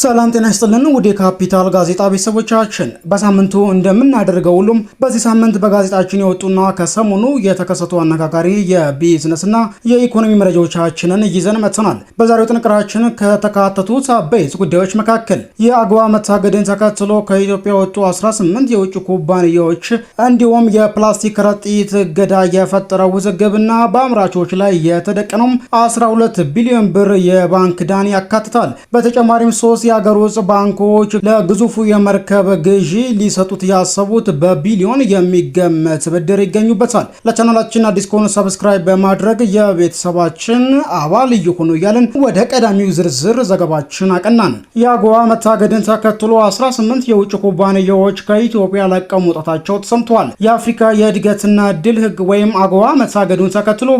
ሰላም ጤና ይስጥልን ውድ የካፒታል ጋዜጣ ቤተሰቦቻችን፣ በሳምንቱ እንደምናደርገው ሁሉም በዚህ ሳምንት በጋዜጣችን የወጡና ከሰሞኑ የተከሰቱ አነጋጋሪ የቢዝነስና የኢኮኖሚ መረጃዎቻችንን ይዘን መጥተናል። በዛሬው ጥንቅራችን ከተካተቱት አበይት ጉዳዮች መካከል የአግባ መታገድን ተከትሎ ከኢትዮጵያ የወጡ 18 የውጭ ኩባንያዎች እንዲሁም የፕላስቲክ ከረጢት እገዳ የፈጠረው ውዝግብና በአምራቾች ላይ የተደቀነውም 12 ቢሊዮን ብር የባንክ ዳን ያካትታል። በተጨማሪም ሶስት የአገር ውስጥ ባንኮች ለግዙፉ የመርከብ ግዢ ሊሰጡት ያሰቡት በቢሊዮን የሚገመት ብድር ይገኙበታል። ለቻናላችን አዲስ ከሆኑ ሰብስክራይብ በማድረግ የቤተሰባችን አባል ይሁኑ እያልን ወደ ቀዳሚው ዝርዝር ዘገባችን አቀናን። የአጎዋ መታገድን ተከትሎ 18 የውጭ ኩባንያዎች ከኢትዮጵያ ለቀው መውጣታቸው ተሰምተዋል። የአፍሪካ የእድገትና ድል ህግ ወይም አጎዋ መታገዱን ተከትሎ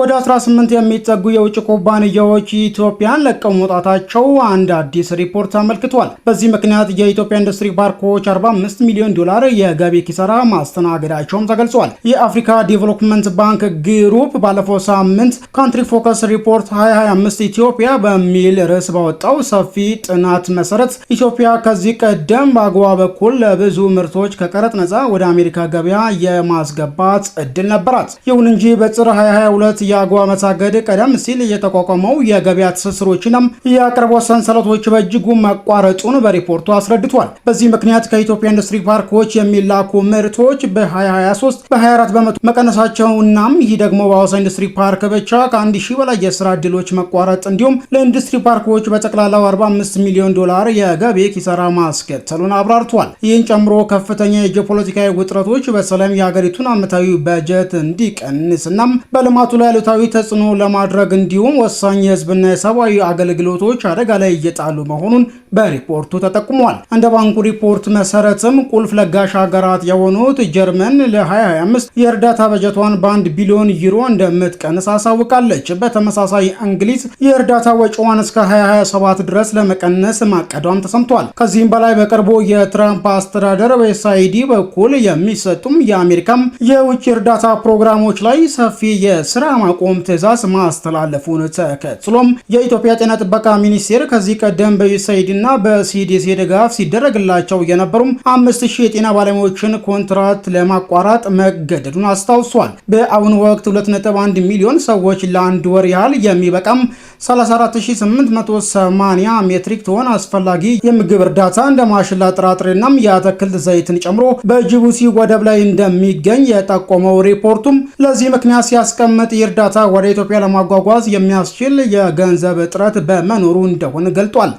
ወደ 18 የሚጠጉ የውጭ ኩባንያዎች ኢትዮጵያን ለቀው መውጣታቸው አንድ አዲስ ሪፖርት ሪፖርት አመልክቷል። በዚህ ምክንያት የኢትዮጵያ ኢንዱስትሪ ፓርኮች 45 ሚሊዮን ዶላር የገቢ ኪሳራ ማስተናገዳቸውም ተገልጿል። የአፍሪካ ዴቨሎፕመንት ባንክ ግሩፕ ባለፈው ሳምንት ካንትሪ ፎከስ ሪፖርት 2025 ኢትዮጵያ በሚል ርዕስ ባወጣው ሰፊ ጥናት መሰረት ኢትዮጵያ ከዚህ ቀደም በአግዋ በኩል ለብዙ ምርቶች ከቀረጥ ነፃ ወደ አሜሪካ ገበያ የማስገባት እድል ነበራት። ይሁን እንጂ በጥር 2022 የአግዋ መታገድ ቀደም ሲል የተቋቋመው የገበያ ትስስሮችንም የአቅርቦት ሰንሰለቶች በእጅጉ ሊጉን ማቋረጡን በሪፖርቱ አስረድቷል። በዚህ ምክንያት ከኢትዮጵያ ኢንዱስትሪ ፓርኮች የሚላኩ ምርቶች በ2023 በ24 በመቶ መቀነሳቸው እናም ይህ ደግሞ በሐዋሳ ኢንዱስትሪ ፓርክ ብቻ ከአንድ 1000 በላይ የስራ እድሎች መቋረጥ እንዲሁም ለኢንዱስትሪ ፓርኮች በጠቅላላው 45 ሚሊዮን ዶላር የገቢ ኪሳራ ማስከተሉን አብራርቷል። ይህን ጨምሮ ከፍተኛ የጂኦፖለቲካዊ ውጥረቶች በሰላም የሀገሪቱን ዓመታዊ በጀት እንዲቀንስ እናም በልማቱ ላይ አሉታዊ ተጽዕኖ ለማድረግ እንዲሁም ወሳኝ የህዝብና የሰብአዊ አገልግሎቶች አደጋ ላይ እየጣሉ መሆኑን መሆኑን በሪፖርቱ ተጠቁሟል። እንደ ባንኩ ሪፖርት መሰረትም ቁልፍ ለጋሽ ሀገራት የሆኑት ጀርመን ለ2025 የእርዳታ በጀቷን በአንድ ቢሊዮን ዩሮ እንደምትቀንስ አሳውቃለች። በተመሳሳይ እንግሊዝ የእርዳታ ወጪዋን እስከ 2027 ድረስ ለመቀነስ ማቀዷም ተሰምቷል። ከዚህም በላይ በቅርቡ የትራምፕ አስተዳደር በኤስአይዲ በኩል የሚሰጡም የአሜሪካም የውጭ እርዳታ ፕሮግራሞች ላይ ሰፊ የስራ ማቆም ትዕዛዝ ማስተላለፉን ተከትሎም የኢትዮጵያ ጤና ጥበቃ ሚኒስቴር ከዚህ ቀደም በዩ ሰይድና በሲዲሲ ድጋፍ ሲደረግላቸው የነበሩም አምስት ሺህ የጤና ባለሙያዎችን ኮንትራት ለማቋረጥ መገደዱን አስታውሷል። በአሁኑ ወቅት 2.1 ሚሊዮን ሰዎች ለአንድ ወር ያህል የሚበቃም 34880 ሜትሪክ ቶን አስፈላጊ የምግብ እርዳታ እንደ ማሽላ ጥራጥሬናም የአትክልት ዘይትን ጨምሮ በጅቡቲ ወደብ ላይ እንደሚገኝ የጠቆመው ሪፖርቱም ለዚህ ምክንያት ሲያስቀምጥ እርዳታ ወደ ኢትዮጵያ ለማጓጓዝ የሚያስችል የገንዘብ እጥረት በመኖሩ እንደሆነ ገልጧል።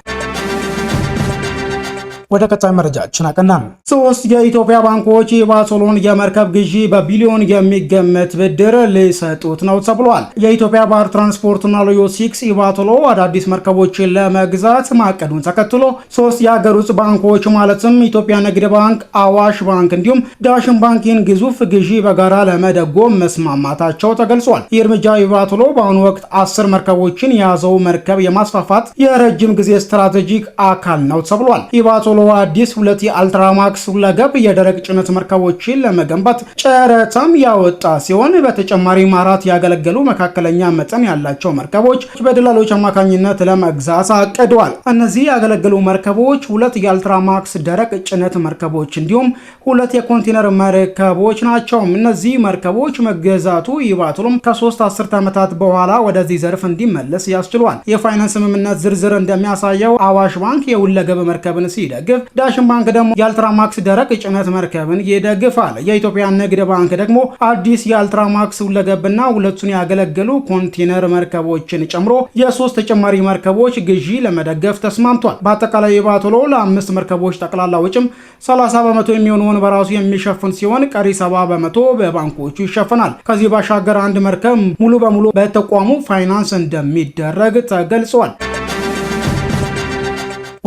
ወደ ቀጣይ መረጃችን አቀናን። ሶስት የኢትዮጵያ ባንኮች የባሶሎን የመርከብ ግዢ በቢሊዮን የሚገመት ብድር ሊሰጡት ነው ተብሏል። የኢትዮጵያ ባህር ትራንስፖርትና ሎጂስቲክስ ኢባቶሎ አዳዲስ መርከቦችን ለመግዛት ማቀዱን ተከትሎ ሶስት የሀገር ውስጥ ባንኮች ማለትም ኢትዮጵያ ንግድ ባንክ፣ አዋሽ ባንክ እንዲሁም ዳሽን ባንኪን ግዙፍ ግዢ በጋራ ለመደጎም መስማማታቸው ተገልጿል። ይህ እርምጃ ኢባቶሎ በአሁኑ ወቅት አስር መርከቦችን የያዘው መርከብ የማስፋፋት የረጅም ጊዜ ስትራቴጂክ አካል ነው ተብሏል። ኢባቶሎ ተከትሎ አዲስ ሁለት የአልትራማክስ ሁለገብ የደረቅ ጭነት መርከቦችን ለመገንባት ጨረታም ያወጣ ሲሆን በተጨማሪም አራት ያገለገሉ መካከለኛ መጠን ያላቸው መርከቦች በደላሎች አማካኝነት ለመግዛት አቅዷል። እነዚህ ያገለገሉ መርከቦች ሁለት የአልትራማክስ ደረቅ ጭነት መርከቦች እንዲሁም ሁለት የኮንቴነር መርከቦች ናቸው። እነዚህ መርከቦች መገዛቱ ይባትሉም ከሶስት አስርት ዓመታት በኋላ ወደዚህ ዘርፍ እንዲመለስ ያስችሏል። የፋይናንስ ስምምነት ዝርዝር እንደሚያሳየው አዋሽ ባንክ የሁለገብ መርከብን ሲደግ ሲደግፍ ዳሽን ባንክ ደግሞ የአልትራማክስ ደረቅ ጭነት መርከብን ይደግፋል። የኢትዮጵያ ንግድ ባንክ ደግሞ አዲስ የአልትራማክስ ሁለገብና ሁለቱን ያገለገሉ ኮንቴነር መርከቦችን ጨምሮ የሶስት ተጨማሪ መርከቦች ግዢ ለመደገፍ ተስማምቷል። በአጠቃላይ የባቶሎ ለአምስት መርከቦች ጠቅላላ ውጭም 30 በመቶ የሚሆነውን በራሱ የሚሸፍን ሲሆን ቀሪ 70 በመቶ በባንኮቹ ይሸፈናል። ከዚህ ባሻገር አንድ መርከብ ሙሉ በሙሉ በተቋሙ ፋይናንስ እንደሚደረግ ተገልጿል።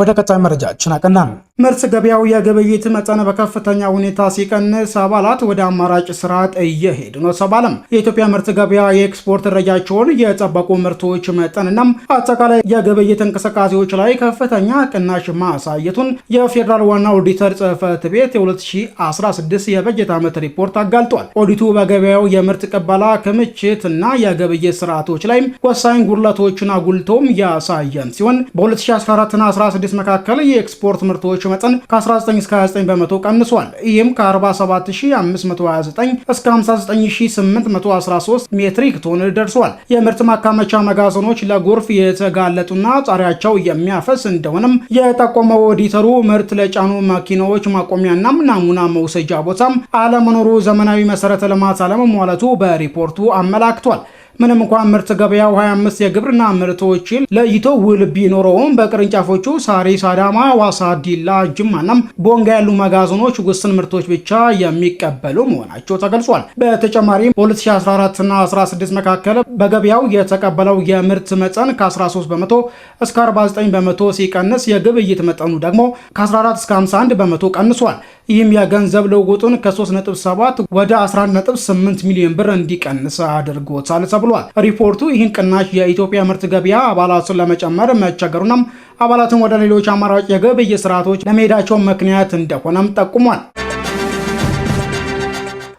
ወደ ቀጣይ መረጃችን አቀናን። ምርት ገበያው የግብይት መጠን በከፍተኛ ሁኔታ ሲቀንስ አባላት ወደ አማራጭ ስርዓት እየሄዱ ነው ተባለም። የኢትዮጵያ ምርት ገበያ የኤክስፖርት ደረጃቸውን የጠበቁ ምርቶች መጠንናም አጠቃላይ የግብይት እንቅስቃሴዎች ላይ ከፍተኛ ቅናሽ ማሳየቱን የፌዴራል ዋና ኦዲተር ጽህፈት ቤት የ2016 የበጀት ዓመት ሪፖርት አጋልጧል። ኦዲቱ በገበያው የምርት ቅበላ ክምችት እና የግብይት ስርዓቶች ላይም ወሳኝ ጉድለቶችን አጉልቶም ያሳየን ሲሆን በ2014ና 16 መካከል የኤክስፖርት ምርቶች መጠን ከ19 እስከ 29 በመቶ ቀንሷል። ይህም ከ47529 እስከ 59813 ሜትሪክ ቶን ደርሷል። የምርት ማካመቻ መጋዘኖች ለጎርፍ የተጋለጡና ጣሪያቸው የሚያፈስ እንደሆነም የጠቆመው ኦዲተሩ ምርት ለጫኑ መኪናዎች ማቆሚያና ናሙና መውሰጃ ቦታም አለመኖሩ ዘመናዊ መሰረተ ልማት አለመሟላቱ በሪፖርቱ አመላክቷል። ምንም እንኳን ምርት ገበያው 25 የግብርና ምርቶችን ለይቶ ውል ቢኖረውም በቅርንጫፎቹ ሳሪስ፣ አዳማ፣ ዋሳ፣ ዲላ፣ ጅማናም ቦንጋ ያሉ መጋዘኖች ውስን ምርቶች ብቻ የሚቀበሉ መሆናቸው ተገልጿል። በተጨማሪም በ2014 እና 16 መካከል በገበያው የተቀበለው የምርት መጠን ከ13 በመቶ እስከ 49 በመቶ ሲቀንስ የግብይት መጠኑ ደግሞ ከ14 እስከ 51 በመቶ ቀንሷል። ይህም የገንዘብ ለውጡን ከ3.7 ወደ 11.8 ሚሊዮን ብር እንዲቀንስ አድርጎታል ተብሎ ብሏል። ሪፖርቱ ይህን ቅናሽ የኢትዮጵያ ምርት ገበያ አባላቱን ለመጨመር መቸገሩንም አባላትን ወደ ሌሎች አማራጭ የግብይት ስርዓቶች ለመሄዳቸው ምክንያት እንደሆነም ጠቁሟል።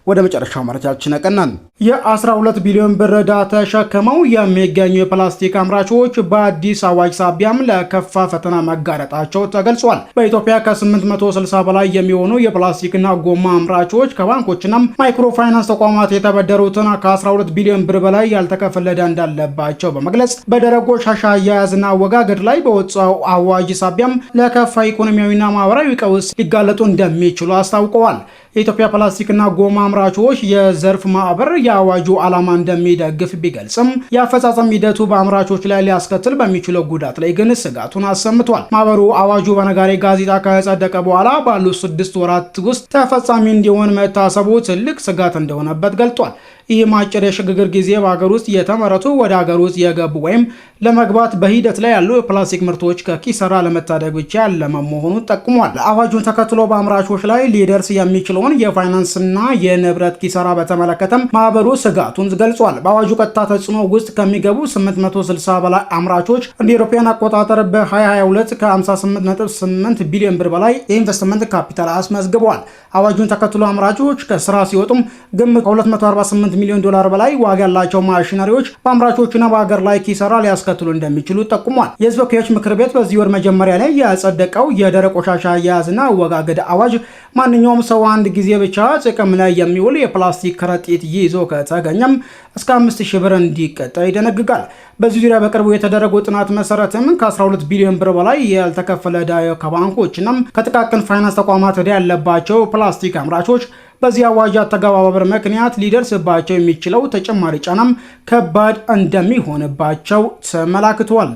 ወደ መጨረሻው መረጃችን ያቀናል። የ12 ቢሊዮን ብር ዕዳ ተሸክመው የሚገኙ የፕላስቲክ አምራቾች በአዲስ አዋጅ ሳቢያም ለከፋ ፈተና መጋለጣቸው ተገልጿል። በኢትዮጵያ ከ860 በላይ የሚሆኑ የፕላስቲክና ጎማ አምራቾች ከባንኮችና ማይክሮፋይናንስ ተቋማት የተበደሩትን ከ12 ቢሊዮን ብር በላይ ያልተከፈለ ዕዳ እንዳለባቸው በመግለጽ በደረቅ ቆሻሻ አያያዝና አወጋገድ ላይ በወጣው አዋጅ ሳቢያም ለከፋ ኢኮኖሚያዊና ማህበራዊ ቀውስ ሊጋለጡ እንደሚችሉ አስታውቀዋል። የኢትዮጵያ ፕላስቲክና ጎማ አምራቾች የዘርፍ ማህበር የአዋጁ ዓላማ እንደሚደግፍ ቢገልጽም የአፈጻጸም ሂደቱ በአምራቾች ላይ ሊያስከትል በሚችለው ጉዳት ላይ ግን ስጋቱን አሰምቷል። ማህበሩ አዋጁ በነጋሪ ጋዜጣ ከጸደቀ በኋላ ባሉት ስድስት ወራት ውስጥ ተፈጻሚ እንዲሆን መታሰቡ ትልቅ ስጋት እንደሆነበት ገልጧል። ይህም አጭር የሽግግር ጊዜ በሀገር ውስጥ የተመረቱ ወደ ሀገር ውስጥ የገቡ ወይም ለመግባት በሂደት ላይ ያሉ የፕላስቲክ ምርቶች ከኪሰራ ለመታደግ ብቻ ያለመ መሆኑን ጠቁሟል። አዋጁን ተከትሎ በአምራቾች ላይ ሊደርስ የሚችለውን የፋይናንስና የንብረት ኪሰራ በተመለከተም ማህበሩ ስጋቱን ገልጿል። በአዋጁ ቀጥታ ተጽዕኖ ውስጥ ከሚገቡ 860 በላይ አምራቾች እንደ ኢሮፓውያን አቆጣጠር በ2022 ከ58.8 ቢሊዮን ብር በላይ የኢንቨስትመንት ካፒታል አስመዝግቧል። አዋጁን ተከትሎ አምራቾች ከስራ ሲወጡም ግምት ከ248 ሚሊዮን ዶላር በላይ ዋጋ ያላቸው ማሽነሪዎች በአምራቾችና በሀገር ላይ ኪሳራ ሊያስከትሉ እንደሚችሉ ጠቁሟል። የህዝብ ተወካዮች ምክር ቤት በዚህ ወር መጀመሪያ ላይ ያጸደቀው የደረቅ ቆሻሻ አያያዝና አወጋገድ አዋጅ ማንኛውም ሰው አንድ ጊዜ ብቻ ጥቅም ላይ የሚውል የፕላስቲክ ከረጢት ይዞ ከተገኘም እስከ አምስት ሺህ ብር እንዲቀጣ ይደነግጋል። በዚህ ዙሪያ በቅርቡ የተደረጉ ጥናት መሰረትም ከ12 ቢሊዮን ብር በላይ ያልተከፈለ ዕዳ ከባንኮችና ከጥቃቅን ፋይናንስ ተቋማት ዕዳ ያለባቸው ፕላስቲክ አምራቾች በዚህ አዋጅ አተገባበር ምክንያት ሊደርስባቸው የሚችለው ተጨማሪ ጫናም ከባድ እንደሚሆንባቸው ተመላክቷል።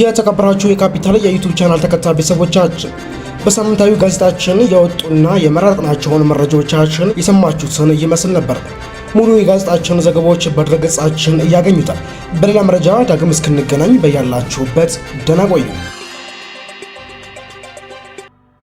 የተከበራችሁ የካፒታል የዩቱብ ቻናል ተከታታይ ቤተሰቦቻችን በሳምንታዊ ጋዜጣችን የወጡና የመረጥናቸውን መረጃዎቻችን የሰማችሁትን ይመስል ነበር። ሙሉ የጋዜጣችን ዘገባዎች በድረገጻችን ያገኙታል። በሌላ መረጃ ዳግም እስክንገናኝ በያላችሁበት ደህና ቆዩ።